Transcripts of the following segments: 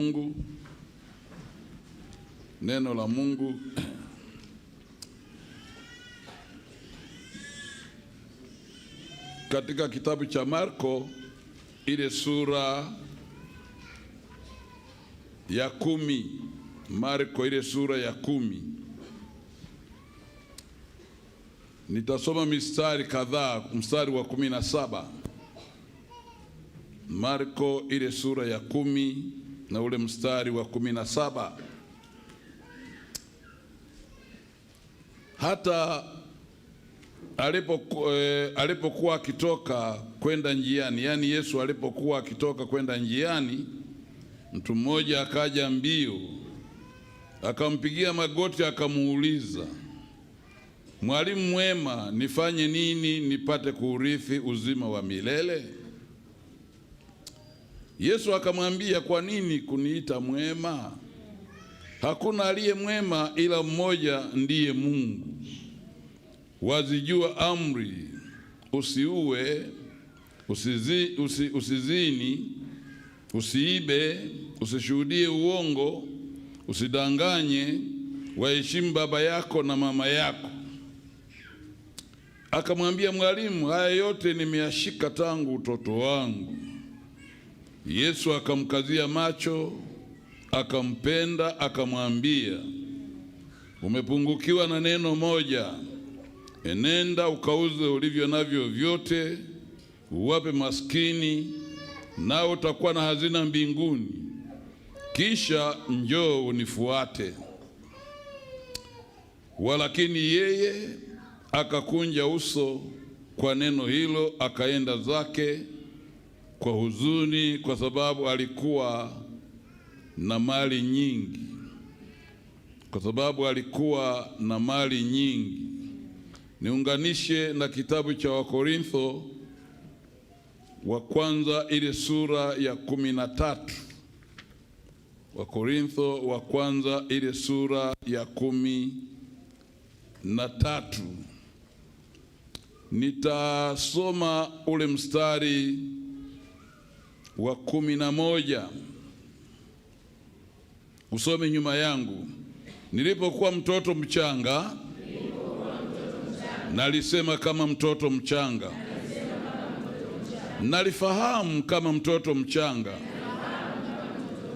Mungu. Neno la Mungu katika kitabu cha Marko ile sura ya kumi. Marko ile sura ya kumi, nitasoma mistari kadhaa, mstari wa kumi na saba. Marko ile sura ya kumi na ule mstari wa kumi na saba hata alipokuwa eh, alipokuwa akitoka kwenda njiani, yaani Yesu alipokuwa akitoka kwenda njiani, mtu mmoja akaja mbio akampigia magoti akamuuliza, Mwalimu mwema, nifanye nini nipate kuurithi uzima wa milele? Yesu akamwambia, kwa nini kuniita mwema? Hakuna aliye mwema ila mmoja ndiye Mungu. Wazijua amri, usiue, usizi, usi, usizini, usiibe, usishuhudie uongo, usidanganye, waheshimu baba yako na mama yako. Akamwambia, Mwalimu, haya yote nimeyashika tangu utoto wangu. Yesu akamkazia macho, akampenda, akamwambia, umepungukiwa na neno moja, enenda ukauze ulivyo navyo vyote, uwape maskini, nao utakuwa na hazina mbinguni, kisha njoo unifuate. Walakini yeye akakunja uso kwa neno hilo, akaenda zake kwa huzuni, kwa sababu alikuwa na mali nyingi, kwa sababu alikuwa na mali nyingi. Niunganishe na kitabu cha Wakorintho wa kwanza ile sura ya kumi na tatu. Wakorintho wa kwanza ile sura ya kumi na tatu nitasoma ule mstari wa kumi na moja usome nyuma yangu. Nilipokuwa mtoto mchanga, nilipokuwa mtoto mchanga, nalisema kama mtoto mchanga, nalifahamu kama mtoto mchanga,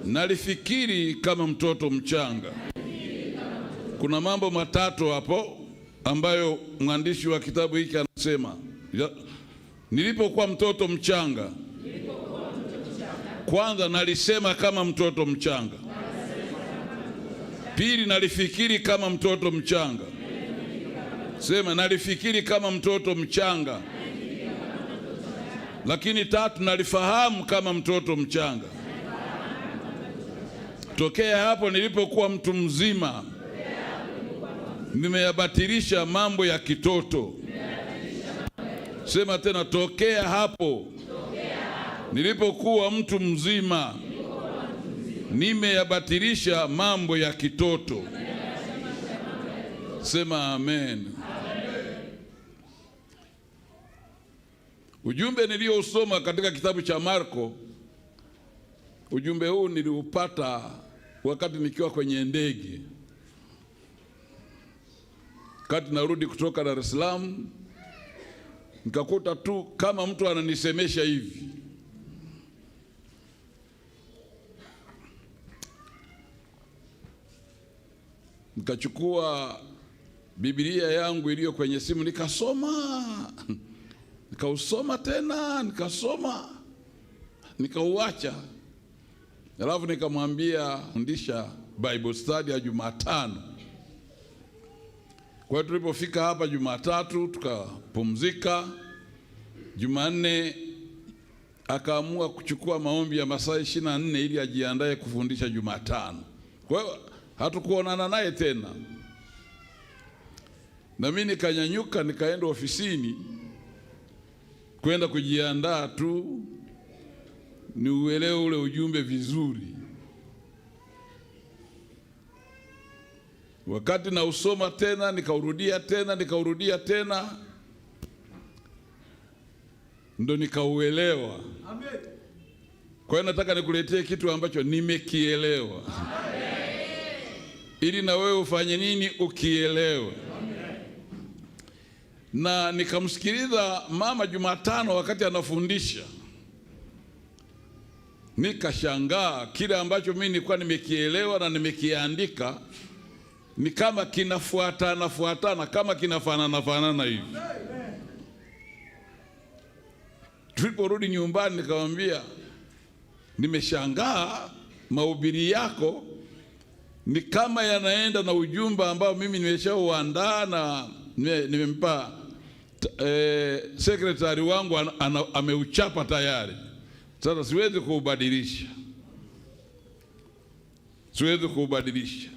nalifikiri kama mtoto mchanga. Kuna mambo matatu hapo ambayo mwandishi wa kitabu hiki anasema, nilipokuwa mtoto mchanga kwanza nalisema kama mtoto mchanga, pili nalifikiri kama mtoto mchanga. Sema nalifikiri kama mtoto mchanga, lakini tatu nalifahamu kama mtoto mchanga. Tokea hapo nilipokuwa mtu mzima, nimeyabatilisha mambo ya kitoto. Sema tena, tokea hapo nilipokuwa mtu mzima nimeyabatilisha mambo ya kitoto. Sema amen. Ujumbe niliyosoma katika kitabu cha Marko, ujumbe huu niliupata wakati nikiwa kwenye ndege, wakati narudi kutoka Dar es Salaam, nikakuta tu kama mtu ananisemesha hivi nikachukua Biblia yangu iliyo kwenye simu nikasoma, nikausoma tena, nikasoma, nikauacha. Alafu nikamwambia fundisha Bible study ya Jumatano. Kwa hiyo tulipofika hapa Jumatatu tukapumzika, Jumanne akaamua kuchukua maombi ya masaa ishirini na nne ili ajiandae kufundisha Jumatano. Kwa hiyo hatukuonana naye tena, na mimi nikanyanyuka nikaenda ofisini kwenda kujiandaa tu niuelewe ule ujumbe vizuri. Wakati nausoma tena nikaurudia tena nikaurudia tena, ndo nikauelewa. Kwa hiyo nataka nikuletee kitu ambacho nimekielewa. Amen ili na wewe ufanye nini, ukielewe. Na nikamsikiliza mama Jumatano wakati anafundisha, nikashangaa kile ambacho mimi nilikuwa nimekielewa na nimekiandika ni kama kinafuatana fuatana, kama kinafanana fanana hivi. Tuliporudi nyumbani, nikamwambia nimeshangaa mahubiri yako ni kama yanaenda na ujumbe ambao mimi nimeshauandaa na nimempa e, eh, sekretari wangu an, an, ameuchapa tayari. Sasa siwezi kuubadilisha, siwezi kuubadilisha.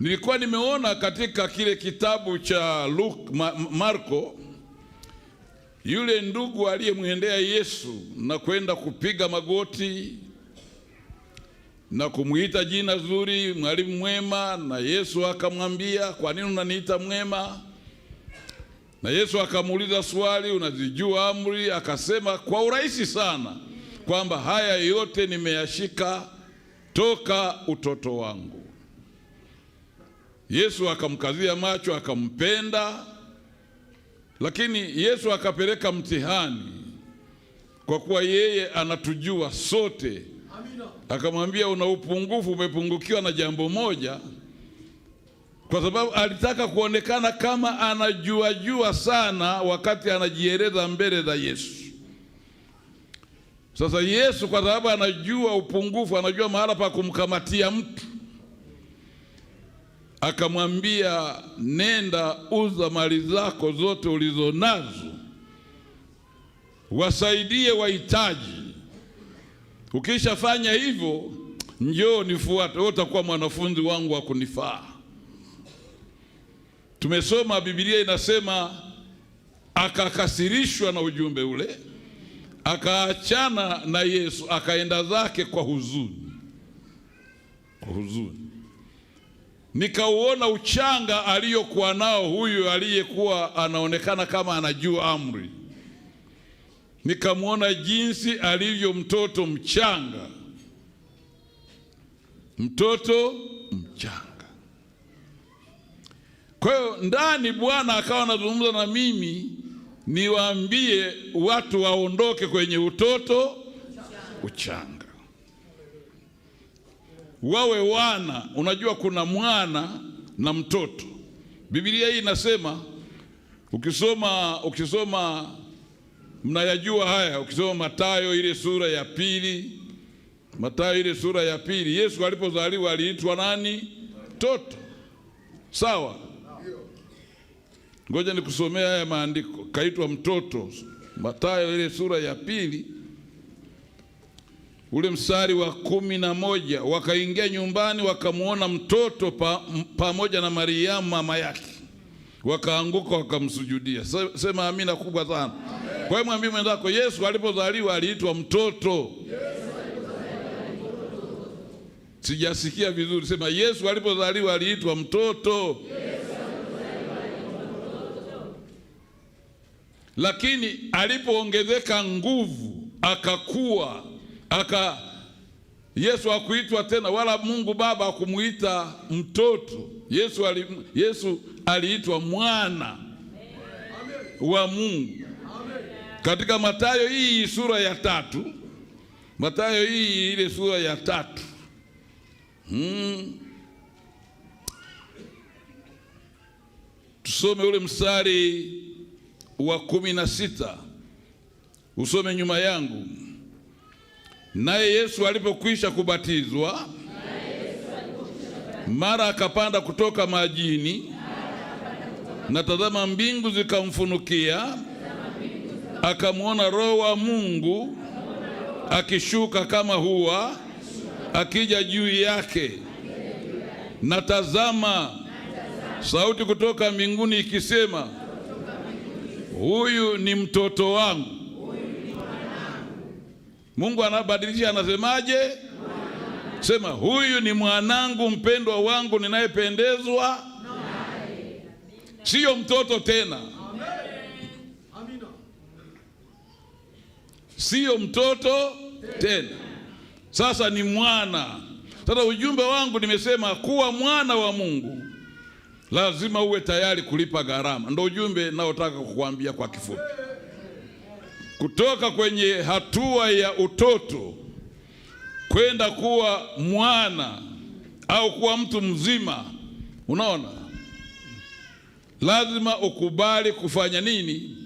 Nilikuwa nimeona katika kile kitabu cha Luke, Ma, Marko yule ndugu aliyemwendea Yesu na kwenda kupiga magoti na kumwita jina zuri, mwalimu mwema. Na Yesu akamwambia, kwa nini unaniita mwema? Na Yesu akamuuliza swali, unazijua amri? Akasema kwa urahisi sana kwamba haya yote nimeyashika toka utoto wangu. Yesu akamkazia macho, akampenda. Lakini Yesu akapeleka mtihani, kwa kuwa yeye anatujua sote akamwambia una upungufu, umepungukiwa na jambo moja, kwa sababu alitaka kuonekana kama anajua jua sana wakati anajieleza mbele za Yesu. Sasa Yesu kwa sababu anajua upungufu, anajua mahala pa kumkamatia mtu, akamwambia nenda, uza mali zako zote ulizonazo, wasaidie wahitaji Ukishafanya hivyo, njoo nifuate, wewe utakuwa mwanafunzi wangu wa kunifaa. Tumesoma Biblia inasema akakasirishwa na ujumbe ule, akaachana na Yesu, akaenda zake kwa huzuni, kwa huzuni. Nikauona uchanga aliyokuwa nao huyu aliyekuwa anaonekana kama anajua amri nikamwona jinsi alivyo mtoto mchanga, mtoto mchanga. Kwa hiyo ndani Bwana akawa anazungumza na mimi niwaambie watu waondoke kwenye utoto uchanga, wawe wana. Unajua kuna mwana na mtoto. Biblia hii inasema ukisoma ukisoma mnayajua haya. Ukisoma Mathayo ile sura ya pili, Mathayo ile sura ya pili, Yesu alipozaliwa aliitwa nani? Mtoto. Sawa, ngoja nikusomea haya maandiko. Kaitwa mtoto, Mathayo ile sura ya pili ule mstari wa kumi na moja wakaingia nyumbani wakamwona mtoto pamoja pa na Mariamu mama yake wakaanguka wakamsujudia. Sema amina kubwa sana. Kwa hiyo mwambie mwenzako, Yesu alipozaliwa aliitwa mtoto. Sijasikia vizuri, sema Yesu alipozaliwa aliitwa mtoto, lakini alipoongezeka nguvu akakuwa aka Yesu hakuitwa tena wala Mungu Baba hakumuita mtoto. Yesu, alim, Yesu aliitwa mwana wa Mungu. Katika Mathayo hii sura ya tatu, Mathayo hii ile sura ya tatu hmm. Tusome ule mstari wa kumi na sita usome nyuma yangu. Naye Yesu alipokwisha kubatizwa, mara akapanda kutoka majini na tazama mbingu zikamfunukia, akamwona Roho wa Mungu akishuka kama hua akija juu yake, na tazama sauti kutoka mbinguni ikisema, huyu ni mtoto wangu. Mungu anabadilisha, anasemaje? Sema, huyu ni mwanangu mpendwa wangu ninayependezwa sio mtoto tena. Amen. Siyo mtoto tena, sasa ni mwana. Sasa ujumbe wangu nimesema, kuwa mwana wa Mungu lazima uwe tayari kulipa gharama. Ndio ujumbe naotaka kukuambia kwa kifupi, kutoka kwenye hatua ya utoto kwenda kuwa mwana au kuwa mtu mzima. Unaona, lazima ukubali kufanya nini?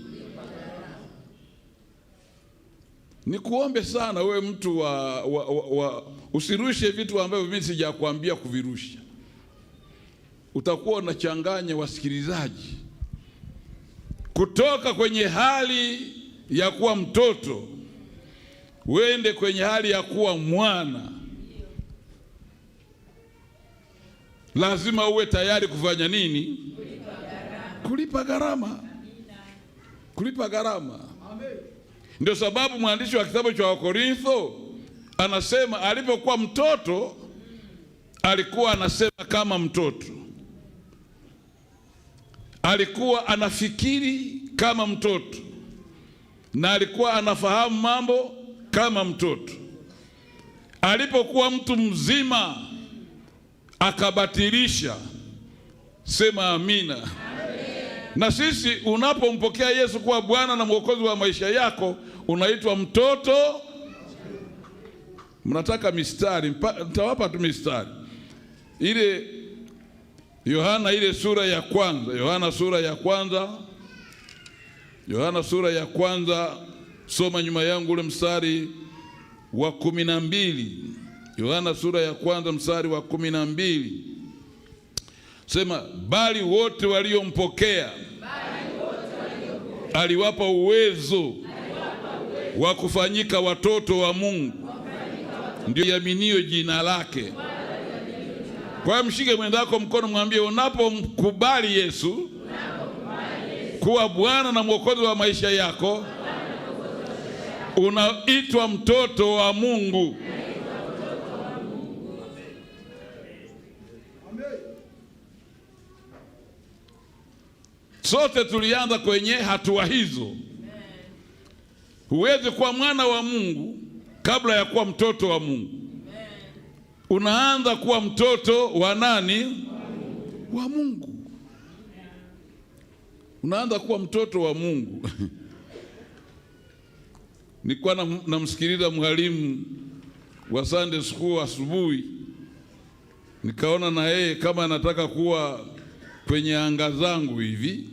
Nikuombe sana wewe mtu wa, wa, wa, wa usirushe vitu ambavyo mimi sijakwambia kuvirusha. Utakuwa unachanganya wasikilizaji kutoka kwenye hali ya kuwa mtoto uende kwenye hali ya kuwa mwana. Lazima uwe tayari kufanya nini? kulipa gharama, kulipa gharama. Ndio sababu mwandishi wa kitabu cha Wakorintho anasema alipokuwa mtoto alikuwa anasema kama mtoto, alikuwa anafikiri kama mtoto, na alikuwa anafahamu mambo kama mtoto. Alipokuwa mtu mzima akabatilisha. Sema amina. Na sisi unapompokea Yesu kuwa Bwana na Mwokozi wa maisha yako unaitwa mtoto. Mnataka mistari, nitawapa tu mistari ile Yohana ile sura ya kwanza, Yohana sura ya kwanza, Yohana sura ya kwanza, soma nyuma yangu ule mstari wa kumi na mbili. Yohana sura ya kwanza mstari wa kumi na mbili. Sema bali wote waliompokea wali aliwapa uwezo, wa kufanyika watoto wa Mungu ndio yaminio jina lake. Kwa mshike mwenzako mkono, mwambie unapomkubali Yesu kuwa Bwana na Mwokozi wa maisha yako unaitwa mtoto wa Mungu. Sote tulianza kwenye hatua hizo. Huwezi kuwa mwana wa Mungu kabla ya kuwa mtoto wa Mungu. Unaanza kuwa mtoto wa nani? Wa Mungu. Unaanza kuwa mtoto wa Mungu. Nilikuwa namsikiliza mwalimu wa Sunday school asubuhi, nikaona na yeye kama anataka kuwa kwenye anga zangu hivi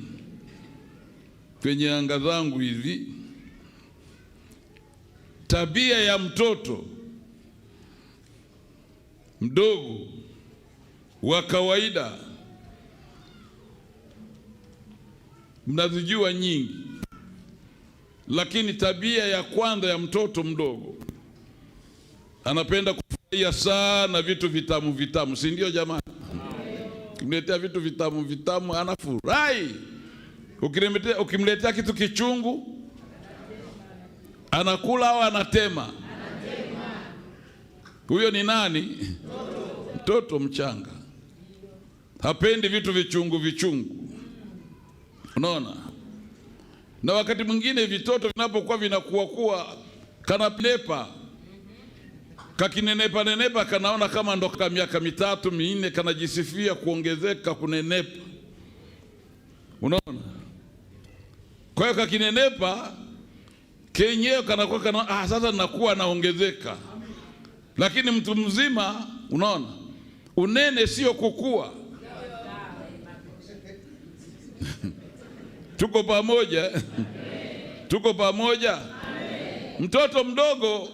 kwenye anga zangu hizi, tabia ya mtoto mdogo wa kawaida mnazijua nyingi, lakini tabia ya kwanza ya mtoto mdogo anapenda kufurahia sana vitu vitamu vitamu, si ndio jamani? Kumletea vitu vitamu vitamu anafurahi ukimletea kitu kichungu anakula au anatema? Huyo ni nani? Mtoto mchanga, hapendi vitu vichungu vichungu, unaona. Na wakati mwingine vitoto vinapokuwa vinakuwa kuwa kananepa kakinenepa nenepa, kanaona kama ndo ka miaka mitatu minne, kanajisifia kuongezeka kunenepa Kwa hiyo kakinenepa kenyewe kanakuwa kana, ah, sasa nakuwa naongezeka. Lakini mtu mzima, unaona unene sio kukua. tuko pamoja eh? tuko pamoja. Mtoto mdogo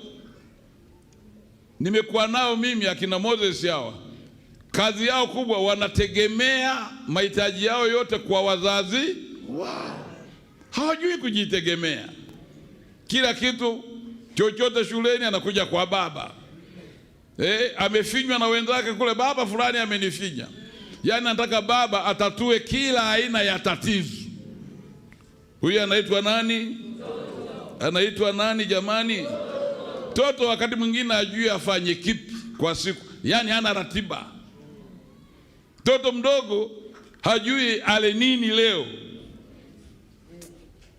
nimekuwa nao mimi, akina Moses hawa, kazi yao kubwa wanategemea mahitaji yao yote kwa wazazi wao hawajui kujitegemea. Kila kitu chochote shuleni anakuja kwa baba eh, amefinywa na wenzake kule, baba fulani amenifinya. Yaani nataka baba atatue kila aina ya tatizo. Huyu anaitwa nani? Anaitwa nani jamani? Mtoto wakati mwingine ajui afanye kipi kwa siku, yaani hana ratiba. Mtoto mdogo hajui ale nini leo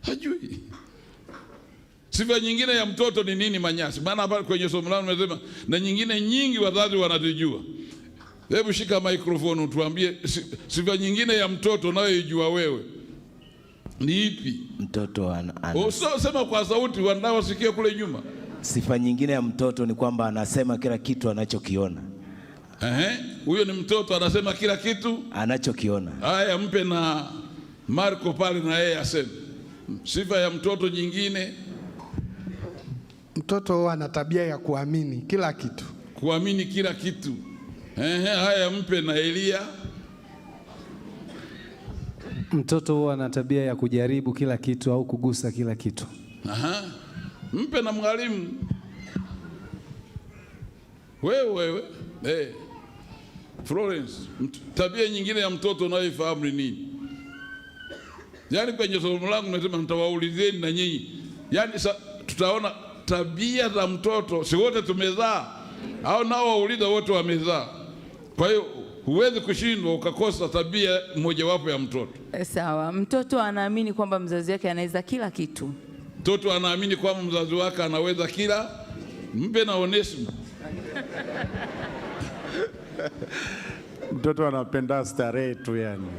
hajui. Sifa nyingine ya mtoto ni nini? Manyasi. Maana hapa kwenye somo langu nimesema na nyingine nyingi wazazi wanazijua. Hebu shika mikrofoni utuambie sifa nyingine ya mtoto unayoijua wewe ni ipi? Mtoto ana, ana. Oh, Usisema kwa sauti wanaosikia kule nyuma. Sifa nyingine ya mtoto ni kwamba anasema kila kitu anachokiona. Ehe, huyo ni mtoto anasema kila kitu anachokiona. Haya, mpe na Marco pale na yeye aseme. Sifa ya mtoto nyingine mtoto ana tabia ya kuamini kila kitu, kuamini kila kitu. Ehe, haya mpe na Elia. Mtoto huwa ana tabia ya kujaribu kila kitu au kugusa kila kitu. Aha. Mpe na mwalimu. Wewe wewe. Hey. Eh, Florence, tabia nyingine ya mtoto unayoifahamu ni nini? Yaani kwenye somo langu nasema nitawaulizeni na nyinyi, yaani tutaona tabia za mtoto. Si wote tumezaa au nao wauliza wote wamezaa? Kwa hiyo huwezi kushindwa ukakosa tabia mojawapo ya mtoto. Eh, sawa, mtoto anaamini kwamba mzazi wake anaweza kila kitu. Mtoto anaamini kwamba mzazi wake anaweza kila. Mpe na Onesimo. Mtoto anapenda starehe tu yani.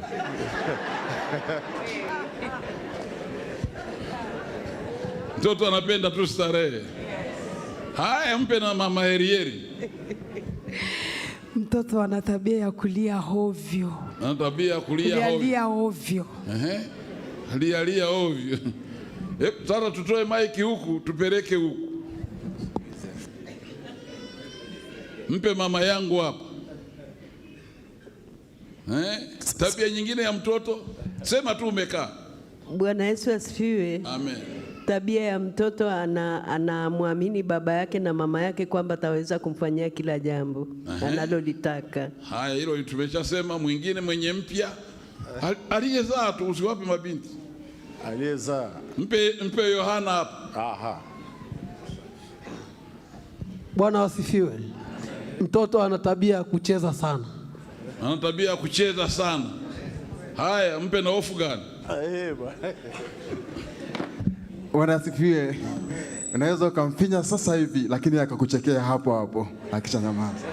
mtoto anapenda tu starehe. Haya, mpe na mama herieri. Mtoto ana tabia ya kulia hovyo, ana tabia ya kulia lia hovyo, lia lia hovyo. Eh, sasa tutoe maiki huku tupeleke huku, mpe mama yangu hapa. Eh, tabia nyingine ya mtoto sema tu umekaa. Bwana Yesu asifiwe. Amen tabia ya mtoto anamwamini ana baba yake na mama yake kwamba ataweza kumfanyia kila jambo analolitaka. Haya, hilo tumeshasema. Mwingine mwenye mpya aliyezaa tu, usiwape mabinti aliyezaa. Mpe, mpe Yohana hapa. Aha. Bwana wasifiwe. Mtoto ana tabia ya kucheza sana, ana tabia ya kucheza sana. Haya, mpe na hofu gani? Wanasifiwe. Unaweza ukamfinya sasa hivi, lakini akakuchekea hapo hapo akishanyamaza.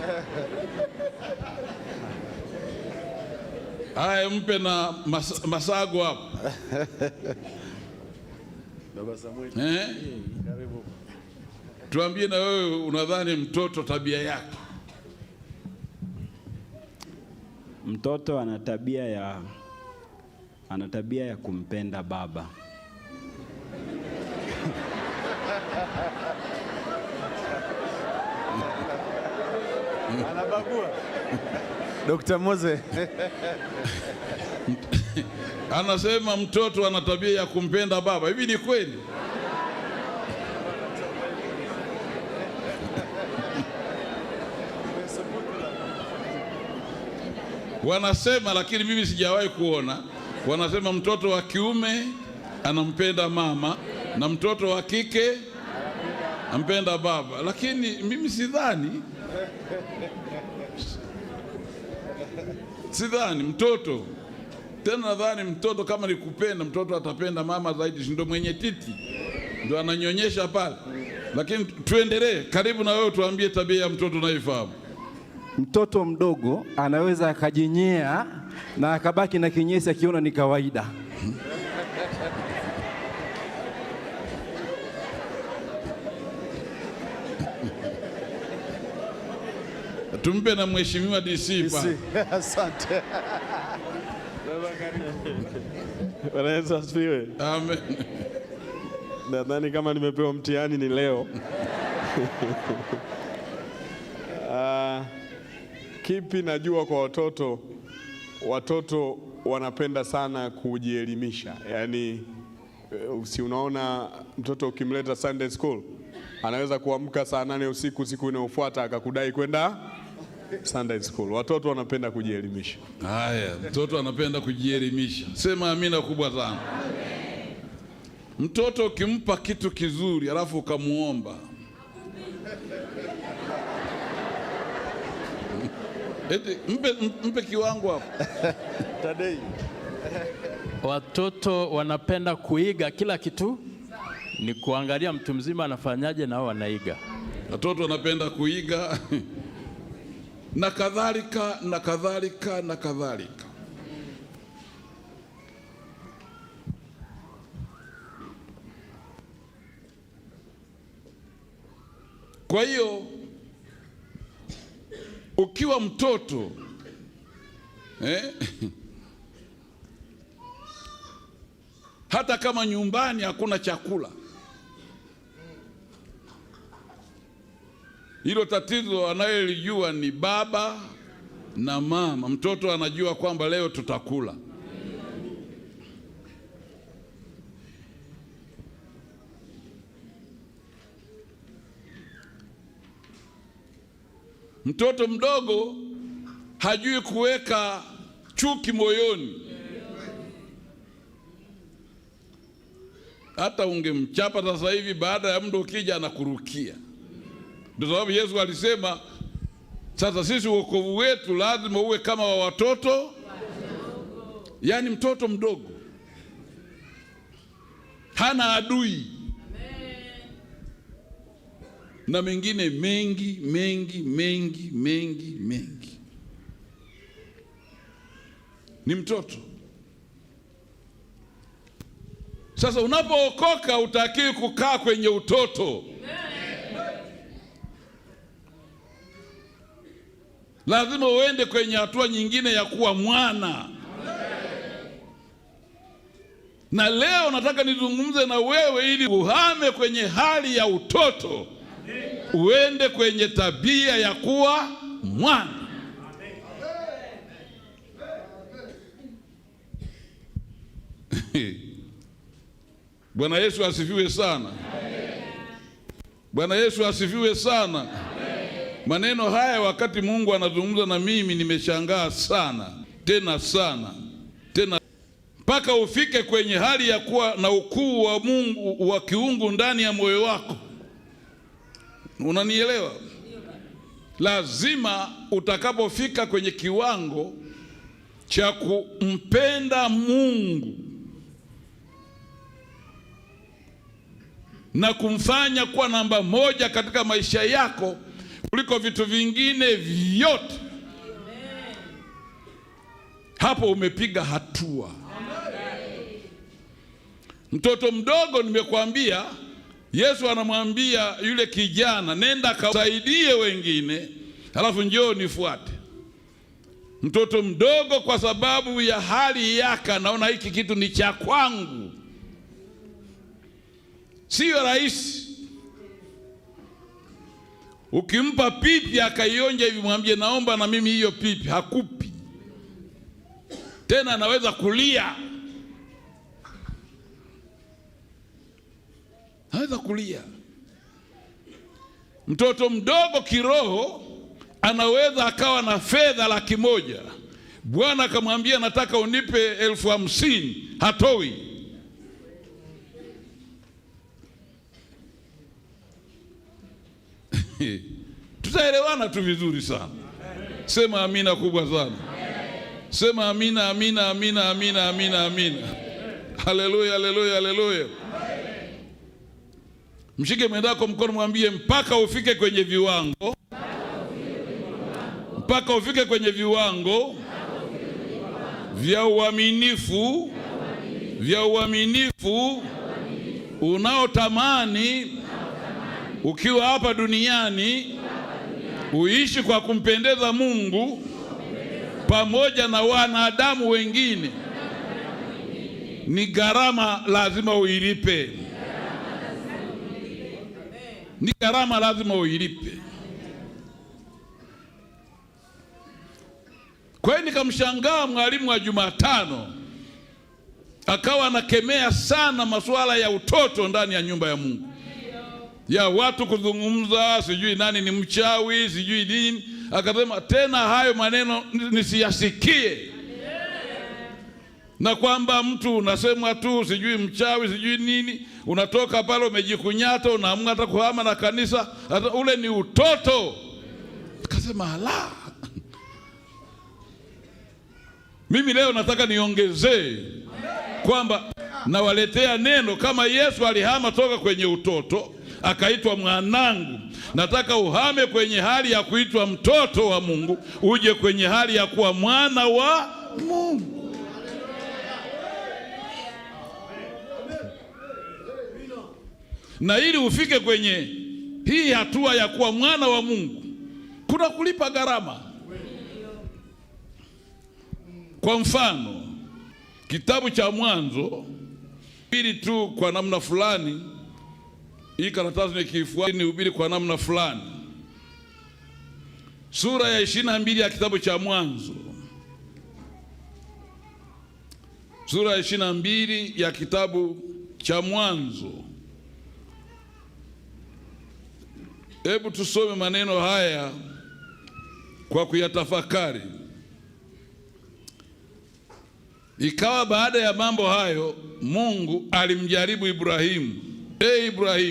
Haya, mpe na mas masago hapo Baba Samuel. Eh? Karibu. Tuambie na wewe unadhani mtoto tabia yake. Mtoto ana tabia ya ana tabia ya kumpenda baba. anabagua Dr. anasema mtoto ana tabia ya kumpenda baba. Hivi ni kweli? Wanasema, lakini mimi sijawahi kuona. Wanasema mtoto wa kiume anampenda mama na mtoto wa kike ampenda baba, lakini mimi sidhani sidhani mtoto tena, nadhani mtoto kama nikupenda mtoto atapenda mama zaidi, ndio mwenye titi, ndio ananyonyesha pale. Lakini tuendelee, karibu na wewe, tuambie tabia ya mtoto unayoifahamu. Mtoto mdogo anaweza akajinyea na akabaki na kinyesi akiona ni kawaida. tumpe na mheshimiwa DC pa. Asante. Bwana Yesu asifiwe. Amen. Nadhani kama nimepewa mtihani ni leo. Uh, kipi najua kwa watoto, watoto wanapenda sana kujielimisha. Yaani eh, si unaona mtoto ukimleta Sunday school anaweza kuamka saa nane usiku siku inayofuata akakudai kwenda Sunday school. Watoto wanapenda kujielimisha. Haya, mtoto anapenda kujielimisha. Sema amina kubwa sana. Amen. Mtoto ukimpa kitu kizuri alafu ukamuomba Eti, mpe, mpe kiwango hapo. Tadei. Watoto wanapenda kuiga kila kitu, ni kuangalia mtu mzima anafanyaje, nao wanaiga. Watoto wanapenda kuiga na kadhalika na kadhalika na kadhalika. Kwa hiyo ukiwa mtoto eh, hata kama nyumbani hakuna chakula Hilo tatizo anayelijua ni baba na mama. Mtoto anajua kwamba leo tutakula. Mtoto mdogo hajui kuweka chuki moyoni. Hata ungemchapa sasa hivi, baada ya muda ukija anakurukia. Ndio sababu Yesu alisema sasa sisi wokovu wetu lazima uwe kama wa watoto, yaani mtoto mdogo hana adui. Amen. Na mengine mengi mengi mengi mengi mengi, ni mtoto. Sasa unapookoka, utakiwi kukaa kwenye utoto. lazima uende kwenye hatua nyingine ya kuwa mwana. Na leo nataka nizungumze na wewe ili uhame kwenye hali ya utoto, uende kwenye tabia ya kuwa mwana. Bwana Yesu asifiwe sana. Bwana Yesu asifiwe sana. Maneno haya wakati Mungu anazungumza na mimi, nimeshangaa sana tena sana tena, mpaka ufike kwenye hali ya kuwa na ukuu wa Mungu wa kiungu ndani ya moyo wako. Unanielewa? Lazima utakapofika kwenye kiwango cha kumpenda Mungu na kumfanya kuwa namba moja katika maisha yako kuliko vitu vingine vyote. Hapo umepiga hatua. Mtoto mdogo nimekuambia, Yesu anamwambia yule kijana, nenda kasaidie wengine, alafu njoo nifuate. Mtoto mdogo kwa sababu ya hali yake anaona hiki kitu ni cha kwangu, siyo rahisi Ukimpa pipi akaionja hivi, mwambie naomba na mimi hiyo pipi, hakupi tena, anaweza kulia, anaweza kulia. Mtoto mdogo kiroho anaweza akawa na fedha laki moja, Bwana akamwambia nataka unipe elfu hamsini, hatoi tutaelewana tu vizuri sana. Sema amina kubwa sana. Sema amina, amina, amina, amina, amina, amina. Haleluya, haleluya, haleluya. Mshike mwendako mkono, mwambie mpaka ufike kwenye viwango, mpaka ufike kwenye viwango vya uaminifu, vya uaminifu unaotamani ukiwa hapa duniani uishi kwa kumpendeza Mungu pamoja na wanadamu wengine, ni gharama lazima uilipe, ni gharama lazima uilipe. Kwa hiyo nikamshangaa mwalimu wa Jumatano akawa anakemea sana masuala ya utoto ndani ya nyumba ya Mungu ya watu kuzungumza, sijui nani ni mchawi, sijui nini. Akasema tena hayo maneno nisiyasikie, na kwamba mtu unasema tu sijui mchawi sijui nini, unatoka pale umejikunyata, unaamua hata kuhama na kanisa, hata ule ni utoto. Akasema la, mimi leo nataka niongezee kwamba nawaletea neno kama Yesu alihama toka kwenye utoto akaitwa mwanangu. Nataka uhame kwenye hali ya kuitwa mtoto wa Mungu uje kwenye hali ya kuwa mwana wa Mungu. na ili ufike kwenye hii hatua ya kuwa mwana wa Mungu kuna kulipa gharama. Kwa mfano, kitabu cha Mwanzo pili tu kwa namna fulani hii karatasi nikiifua ni kwa namna fulani. Sura ya ishirini na mbili ya kitabu cha Mwanzo, sura ya ishirini na mbili ya kitabu cha Mwanzo. Hebu tusome maneno haya kwa kuyatafakari. Ikawa baada ya mambo hayo, Mungu alimjaribu Ibrahimu. Ee Ibrahimu